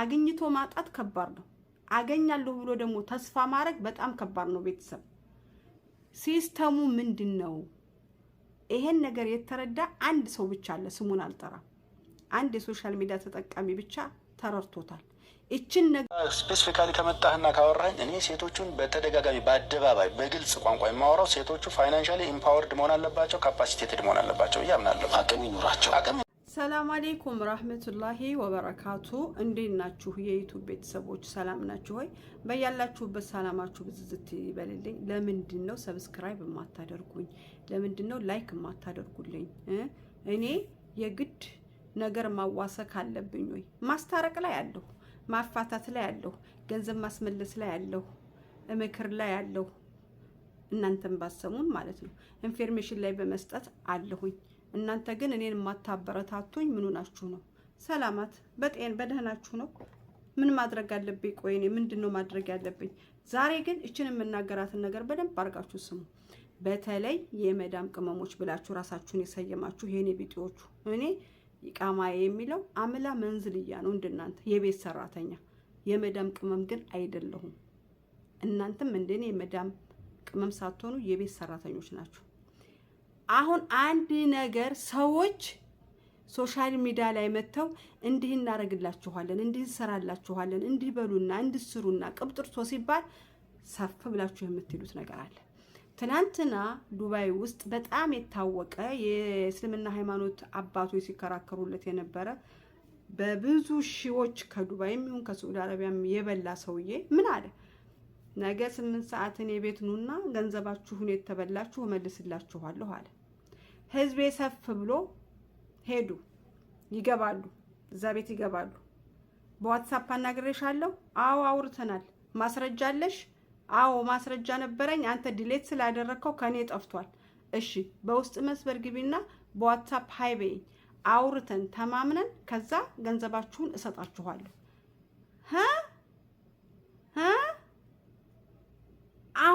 አግኝቶ ማጣት ከባድ ነው። አገኛለሁ ብሎ ደግሞ ተስፋ ማድረግ በጣም ከባድ ነው። ቤተሰብ ሲስተሙ ምንድን ነው? ይሄን ነገር የተረዳ አንድ ሰው ብቻ አለ። ስሙን አልጠራም። አንድ የሶሻል ሚዲያ ተጠቃሚ ብቻ ተረድቶታል። እችን ነገር ስፔሲፊካሊ ከመጣህና ካወራኝ እኔ ሴቶቹን በተደጋጋሚ በአደባባይ በግልጽ ቋንቋ የማወራው ሴቶቹ ፋይናንሻሊ ኢምፓወርድ መሆን አለባቸው፣ ካፓሲቴትድ መሆን አለባቸው እያምናለሁ። አቅም ይኑራቸው። ሰላም አሌይኩም ራህመቱላሂ ወበረካቱ። እንዴት ናችሁ የዩቱብ ቤተሰቦች? ሰላም ናችሁ ሆይ? በያላችሁበት ሰላማችሁ ብዝዝት ይበልልኝ። ለምንድን ነው ሰብስክራይብ የማታደርጉኝ? ለምንድን ነው ላይክ የማታደርጉልኝ? እኔ የግድ ነገር ማዋሰክ አለብኝ ወይ? ማስታረቅ ላይ አለሁ፣ ማፋታት ላይ አለሁ፣ ገንዘብ ማስመለስ ላይ አለሁ፣ ምክር ላይ አለሁ። እናንተን ባሰሙን ማለት ነው ኢንፎርሜሽን ላይ በመስጠት አለሁኝ እናንተ ግን እኔን የማታበረታቱኝ ምኑ ናችሁ ነው? ሰላማት በጤን በደህናችሁ ነው? ምን ማድረግ አለብኝ? ቆይ እኔ ምንድን ነው ማድረግ ያለብኝ? ዛሬ ግን እችን የምናገራትን ነገር በደንብ አድርጋችሁ ስሙ። በተለይ የመዳም ቅመሞች ብላችሁ ራሳችሁን የሰየማችሁ ሄኔ ቢጤዎቹ፣ እኔ ይቃማ የሚለው አምላ መንዝልያ ነው እንደናንተ የቤት ሰራተኛ የመዳም ቅመም ግን አይደለሁም። እናንተም እንደኔ የመዳም ቅመም ሳትሆኑ የቤት ሰራተኞች ናችሁ። አሁን አንድ ነገር ሰዎች ሶሻል ሚዲያ ላይ መጥተው እንዲህ እናደርግላችኋለን፣ እንዲህ እንሰራላችኋለን፣ እንዲህ በሉና ስሩና ቅብጥርሶ ሲባል ሰፍ ብላችሁ የምትሄዱት ነገር አለ። ትናንትና ዱባይ ውስጥ በጣም የታወቀ የእስልምና ሃይማኖት አባቶች ሲከራከሩለት የነበረ በብዙ ሺዎች ከዱባይም ይሁን ከሳዑዲ አረቢያም የበላ ሰውዬ ምን አለ? ነገ ስምንት ሰዓት እኔ ቤት ኑና ገንዘባችሁን የተበላችሁ እመልስላችኋለሁ አለ። ህዝቤ ሰፍ ብሎ ሄዱ። ይገባሉ፣ እዛ ቤት ይገባሉ። በዋትሳፕ አናግሬሻለሁ? አዎ አውርተናል። ማስረጃ አለሽ? አዎ ማስረጃ ነበረኝ። አንተ ዲሌት ስላደረግከው ከእኔ ጠፍቷል። እሺ በውስጥ መስበር ግቢና በዋትሳፕ ሀይ በይኝ። አውርተን ተማምነን ከዛ ገንዘባችሁን እሰጣችኋለሁ።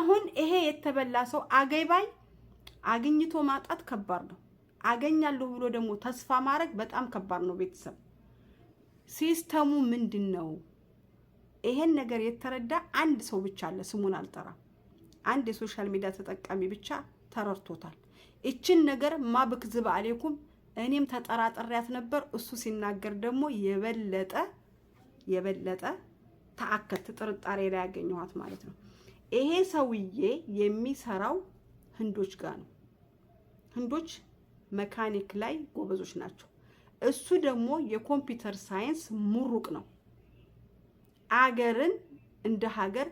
አሁን ይሄ የተበላ ሰው አገይባይ አግኝቶ ማጣት ከባድ ነው። አገኛለሁ ብሎ ደግሞ ተስፋ ማድረግ በጣም ከባድ ነው። ቤተሰብ ሲስተሙ ምንድን ነው? ይሄን ነገር የተረዳ አንድ ሰው ብቻ አለ። ስሙን አልጠራም። አንድ የሶሻል ሚዲያ ተጠቃሚ ብቻ ተረድቶታል። ይችን ነገር ማብክዝብ አሌኩም እኔም ተጠራጠሪያት ነበር። እሱ ሲናገር ደግሞ የበለጠ የበለጠ ተአከት ጥርጣሬ ላይ ያገኘኋት ማለት ነው። ይሄ ሰውዬ የሚሰራው ህንዶች ጋር ነው። ህንዶች መካኒክ ላይ ጎበዞች ናቸው። እሱ ደግሞ የኮምፒውተር ሳይንስ ሙሩቅ ነው። አገርን እንደ ሀገር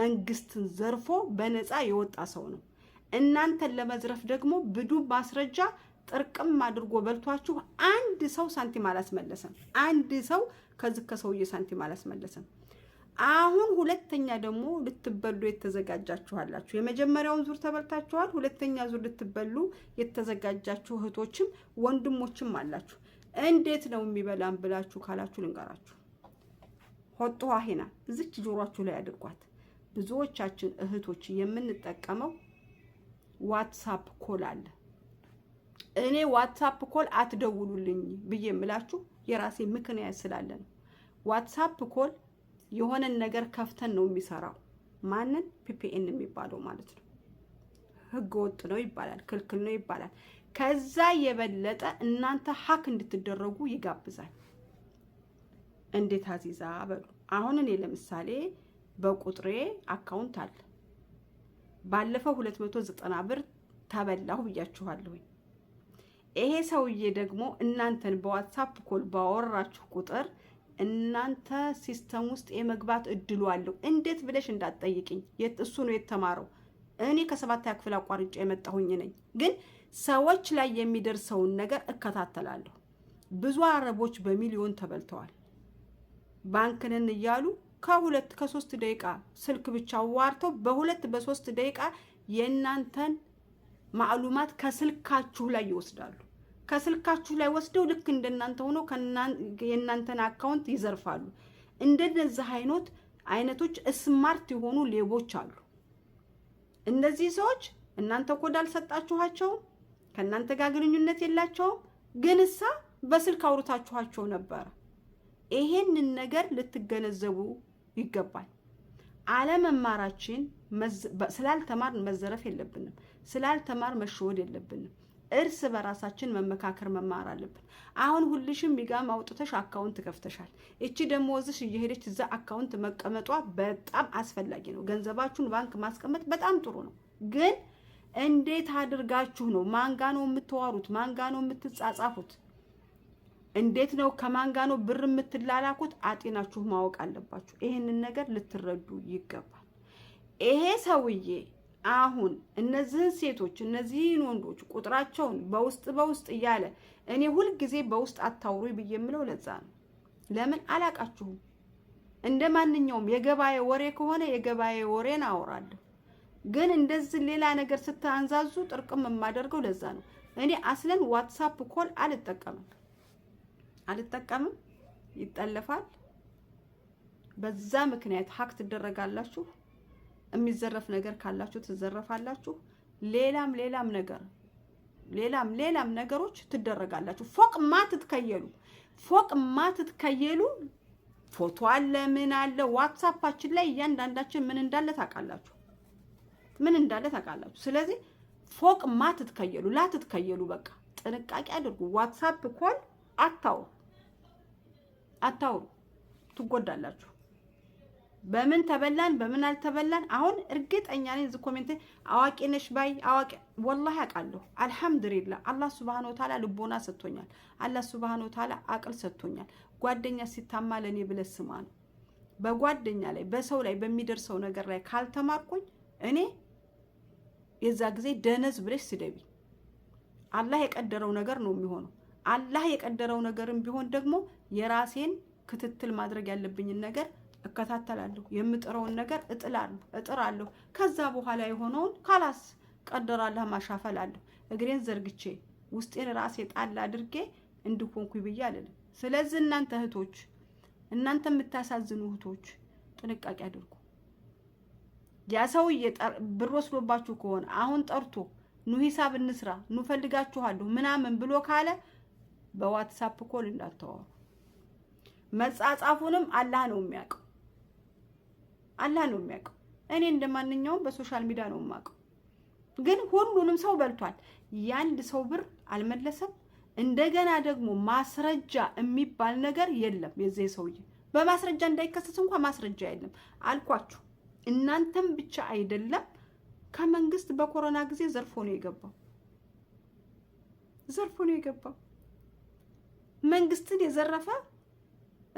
መንግስትን ዘርፎ በነፃ የወጣ ሰው ነው። እናንተን ለመዝረፍ ደግሞ ብዱ ማስረጃ ጥርቅም አድርጎ በልቷችሁ አንድ ሰው ሳንቲም አላስመለሰም። አንድ ሰው ከዚህ ከሰውዬ ሳንቲም አላስመለሰም። አሁን ሁለተኛ ደግሞ ልትበሉ የተዘጋጃችኋላችሁ። የመጀመሪያውን ዙር ተበልታችኋል። ሁለተኛ ዙር ልትበሉ የተዘጋጃችሁ እህቶችም ወንድሞችም አላችሁ። እንዴት ነው የሚበላን ብላችሁ ካላችሁ ልንገራችሁ። ሆጦ ሄና እዚች ጆሯችሁ ላይ አድርጓት። ብዙዎቻችን እህቶች የምንጠቀመው ዋትሳፕ ኮል አለ። እኔ ዋትሳፕ ኮል አትደውሉልኝ ብዬ የምላችሁ የራሴ ምክንያት ስላለ ነው። ዋትሳፕ ኮል የሆነን ነገር ከፍተን ነው የሚሰራው። ማንን ፒፒኤን የሚባለው ማለት ነው። ህገ ወጥ ነው ይባላል፣ ክልክል ነው ይባላል። ከዛ የበለጠ እናንተ ሀክ እንድትደረጉ ይጋብዛል። እንዴት አዚዛ በሉ። አሁን እኔ ለምሳሌ በቁጥሬ አካውንት አለ። ባለፈው 290 ብር ተበላሁ ብያችኋለሁኝ። ይሄ ሰውዬ ደግሞ እናንተን በዋትሳፕ ኮል ባወራችሁ ቁጥር እናንተ ሲስተም ውስጥ የመግባት እድሉ አለው። እንዴት ብለሽ እንዳትጠይቅኝ፣ እሱ ነው የተማረው። እኔ ከሰባተኛ ክፍል አቋርጬ የመጣሁኝ ነኝ። ግን ሰዎች ላይ የሚደርሰውን ነገር እከታተላለሁ። ብዙ አረቦች በሚሊዮን ተበልተዋል። ባንክንን እያሉ ከሁለት ከሶስት ደቂቃ ስልክ ብቻ ዋርተው በሁለት በሶስት ደቂቃ የእናንተን ማዕሉማት ከስልካችሁ ላይ ይወስዳሉ። ከስልካችሁ ላይ ወስደው ልክ እንደናንተ ሆኖ የእናንተን አካውንት ይዘርፋሉ። እንደነዚህ አይነት አይነቶች ስማርት የሆኑ ሌቦች አሉ። እነዚህ ሰዎች እናንተ ኮድ አልሰጣችኋቸውም፣ ከእናንተ ጋር ግንኙነት የላቸውም። ግንሳ በስልክ አውርታችኋቸው ነበረ። ይሄንን ነገር ልትገነዘቡ ይገባል። አለመማራችን ስላልተማር መዘረፍ የለብንም። ስላልተማር መሸወድ የለብንም። እርስ በራሳችን መመካከር መማር አለብን። አሁን ሁልሽም ሚጋም አውጥተሽ አካውንት ከፍተሻል። እቺ ደሞዝሽ እየሄደች እዛ አካውንት መቀመጧ በጣም አስፈላጊ ነው። ገንዘባችሁን ባንክ ማስቀመጥ በጣም ጥሩ ነው። ግን እንዴት አድርጋችሁ ነው ማንጋ ነው የምትዋሩት? ማንጋ ነው የምትጻጻፉት? እንዴት ነው ከማንጋ ነው ብር የምትላላኩት? አጤናችሁ ማወቅ አለባችሁ። ይህንን ነገር ልትረዱ ይገባል። ይሄ ሰውዬ አሁን እነዚህን ሴቶች እነዚህን ወንዶች ቁጥራቸውን በውስጥ በውስጥ እያለ እኔ ሁልጊዜ በውስጥ አታውሩ ብዬ የምለው ለዛ ነው። ለምን አላቃችሁም? እንደ ማንኛውም የገበያ ወሬ ከሆነ የገበያ ወሬን አወራለሁ። ግን እንደዚህ ሌላ ነገር ስታንዛዙ ጥርቅም የማደርገው ለዛ ነው። እኔ አስለን ዋትሳፕ ኮል አልጠቀምም አልጠቀምም፣ ይጠለፋል። በዛ ምክንያት ሀክ ትደረጋላችሁ። የሚዘረፍ ነገር ካላችሁ ትዘረፋላችሁ። ሌላም ሌላም ነገር ሌላም ሌላም ነገሮች ትደረጋላችሁ። ፎቅ ማትትከየሉ ፎቅ ማትትከየሉ ፎቶ አለ፣ ምን አለ፣ ዋትሳፓችን ላይ እያንዳንዳችን ምን እንዳለ ታውቃላችሁ፣ ምን እንዳለ ታውቃላችሁ። ስለዚህ ፎቅ ማትትከየሉ ላትትከየሉ፣ በቃ ጥንቃቄ አድርጉ። ዋትሳፕ ኮል አታውሩ፣ አታውሩ፣ ትጎዳላችሁ። በምን ተበላን በምን አልተበላን። አሁን እርግጠኛ ነኝ እዚህ ኮሜንት አዋቂ ነሽ ባይ አዋቂ ወላሂ አውቃለሁ። አልሐምዱሊላህ አላህ ሱብሃነ ወተዓላ ልቦና ሰጥቶኛል። አላህ ሱብሃነ ወተዓላ አቅል ሰጥቶኛል። ጓደኛ ሲታማ ለእኔ ብለህ ስማ ነው። በጓደኛ ላይ በሰው ላይ በሚደርሰው ነገር ላይ ካልተማርኩኝ እኔ የዛ ጊዜ ደነዝ ብለሽ ስደቢ። አላህ የቀደረው ነገር ነው የሚሆነው። አላህ የቀደረው ነገርም ቢሆን ደግሞ የራሴን ክትትል ማድረግ ያለብኝን ነገር እከታተላለሁ። የምጥረውን ነገር እጥላለሁ እጥራለሁ። ከዛ በኋላ የሆነውን ካላስ ቀደራለህ ማሻፈላለሁ። እግሬን ዘርግቼ ውስጤን ራሴ ጣል አድርጌ እንድኮንኩ ብዬ አልልም። ስለዚህ እናንተ እህቶች፣ እናንተ የምታሳዝኑ እህቶች ጥንቃቄ አድርጉ። ያ ሰውዬ ብር ወስዶባችሁ ከሆነ አሁን ጠርቶ ኑ ሂሳብ እንስራ፣ ኑ ፈልጋችኋለሁ ምናምን ብሎ ካለ በዋትሳፕ ኮል እንዳታወሩ። መጻጻፉንም አላህ ነው የሚያውቀው። አላህ ነው የሚያውቀው። እኔ እንደማንኛውም በሶሻል ሚዲያ ነው የማውቀው። ግን ሁሉንም ሰው በልቷል። የአንድ ሰው ብር አልመለሰም። እንደገና ደግሞ ማስረጃ የሚባል ነገር የለም። የዚህ ሰውዬ በማስረጃ እንዳይከሰስ እንኳ ማስረጃ የለም አልኳችሁ። እናንተም ብቻ አይደለም ከመንግስት በኮሮና ጊዜ ዘርፎ ነው የገባው ዘርፎ ነው የገባው። መንግስትን የዘረፈ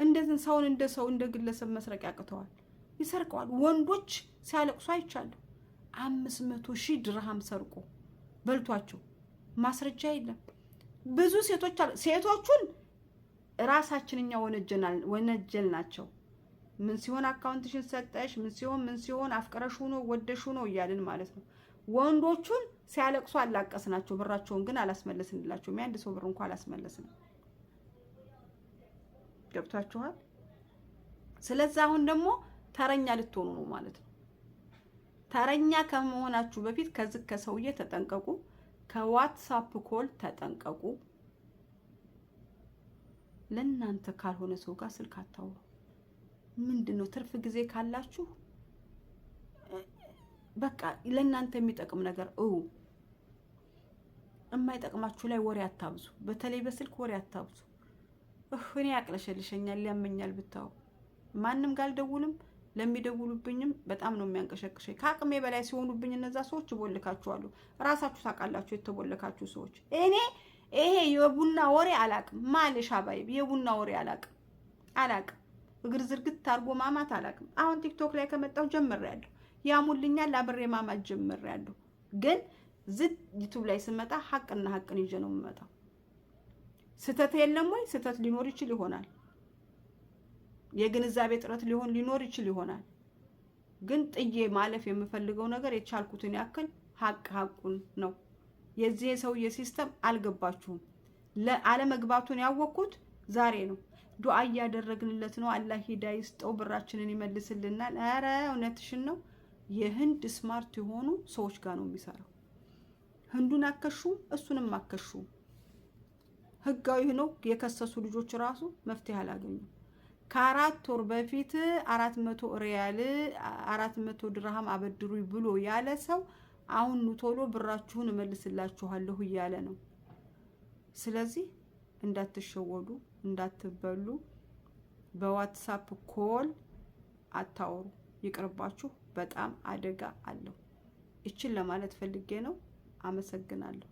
እንደዚህ ሰውን እንደ ሰው እንደ ግለሰብ መስረቅ ያቅተዋል። ይሰርቀዋል። ወንዶች ሲያለቅሱ አይቻለሁ። አምስት መቶ ሺህ ድርሃም ሰርቆ በልቷቸው ማስረጃ የለም። ብዙ ሴቶች አሉ። ሴቶቹን ራሳችን እኛ ወነጀል ናቸው። ምን ሲሆን አካውንትሽን ሰጠሽ፣ ምን ሲሆን ምን ሲሆን አፍቅረሽ ሆኖ ወደሽ ሆኖ እያልን ማለት ነው። ወንዶቹን ሲያለቅሱ ናቸው። ብራቸውን ግን አላስመለስንላቸውም። የአንድ ሰው ብር እንኳ አላስመለስንም። ገብቷችኋል? ስለዚህ አሁን ደግሞ ተረኛ ልትሆኑ ነው ማለት ነው። ተረኛ ከመሆናችሁ በፊት ከዚህ ከሰውዬ ተጠንቀቁ። ከዋትሳፕ ኮል ተጠንቀቁ። ለእናንተ ካልሆነ ሰው ጋር ስልክ አታውሩ። ምንድን ነው ትርፍ ጊዜ ካላችሁ በቃ ለእናንተ የሚጠቅም ነገር እው የማይጠቅማችሁ ላይ ወሬ አታብዙ። በተለይ በስልክ ወሬ አታብዙ። እኔ ያቅለሸልሸኛል፣ ያመኛል ብታው ማንም ጋር አልደውልም። ለሚደውሉብኝም በጣም ነው የሚያንቀሸቅሸኝ። ከአቅሜ በላይ ሲሆኑብኝ እነዛ ሰዎች ይቦልካችኋሉ። ራሳችሁ ታውቃላችሁ የተቦለካችሁ ሰዎች። እኔ ይሄ የቡና ወሬ አላቅም። ማልሽ አባይብ የቡና ወሬ አላቅም አላቅም። እግር ዝርግት ታርጎ ማማት አላቅም። አሁን ቲክቶክ ላይ ከመጣሁ ጀምሬያለሁ። ያሙልኛል፣ አብሬ ማማት ጀምሬያለሁ። ግን ዝድ ዩቱብ ላይ ስመጣ ሀቅና ሀቅን ይዤ ነው የምመጣው። ስህተት የለም ወይ? ስህተት ሊኖር ይችል ይሆናል የግንዛቤ ጥረት ሊሆን ሊኖር ይችል ይሆናል። ግን ጥዬ ማለፍ የምፈልገው ነገር የቻልኩትን ያክል ሀቅ ሀቁን ነው። የዚህ የሰውዬ ሲስተም አልገባችሁም። አለመግባቱን ያወቅኩት ዛሬ ነው። ዱአ እያደረግንለት ነው። አላህ ሂዳ ይስጠው፣ ብራችንን ይመልስልናል። ኧረ እውነትሽን ነው። የህንድ ስማርት የሆኑ ሰዎች ጋር ነው የሚሰራው። ህንዱን አከሹ፣ እሱንም አከሹ። ህጋዊ ነው የከሰሱ ልጆች ራሱ መፍትሄ አላገኙም። ከአራት ወር በፊት አራት መቶ ሪያል አራት መቶ ድርሃም አበድሩ ብሎ ያለ ሰው አሁን ቶሎ ብራችሁን እመልስላችኋለሁ እያለ ነው። ስለዚህ እንዳትሸወዱ፣ እንዳትበሉ። በዋትሳፕ ኮል አታወሩ፣ ይቅርባችሁ። በጣም አደጋ አለው። ይችን ለማለት ፈልጌ ነው። አመሰግናለሁ።